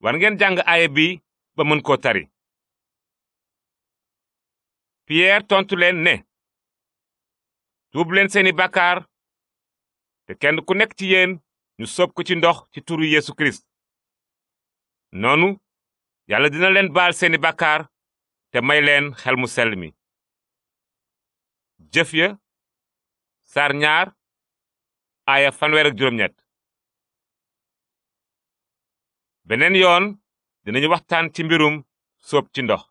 war ngeen jàng aaye bi ba mën koo tari Pierre tontu leen ne tuub leen seeni bàkkaar te kenn ku nekk ci yeen ñu soob ko ci ndox ci turu Yesu Kirist noonu yàlla dina leen baal seeni bàkkaar te may leen xel mu sell mi jëf ya saar ñaar aaya fanweer beneen yoon dinañu waxtaan ci mbirum sóob ci ndox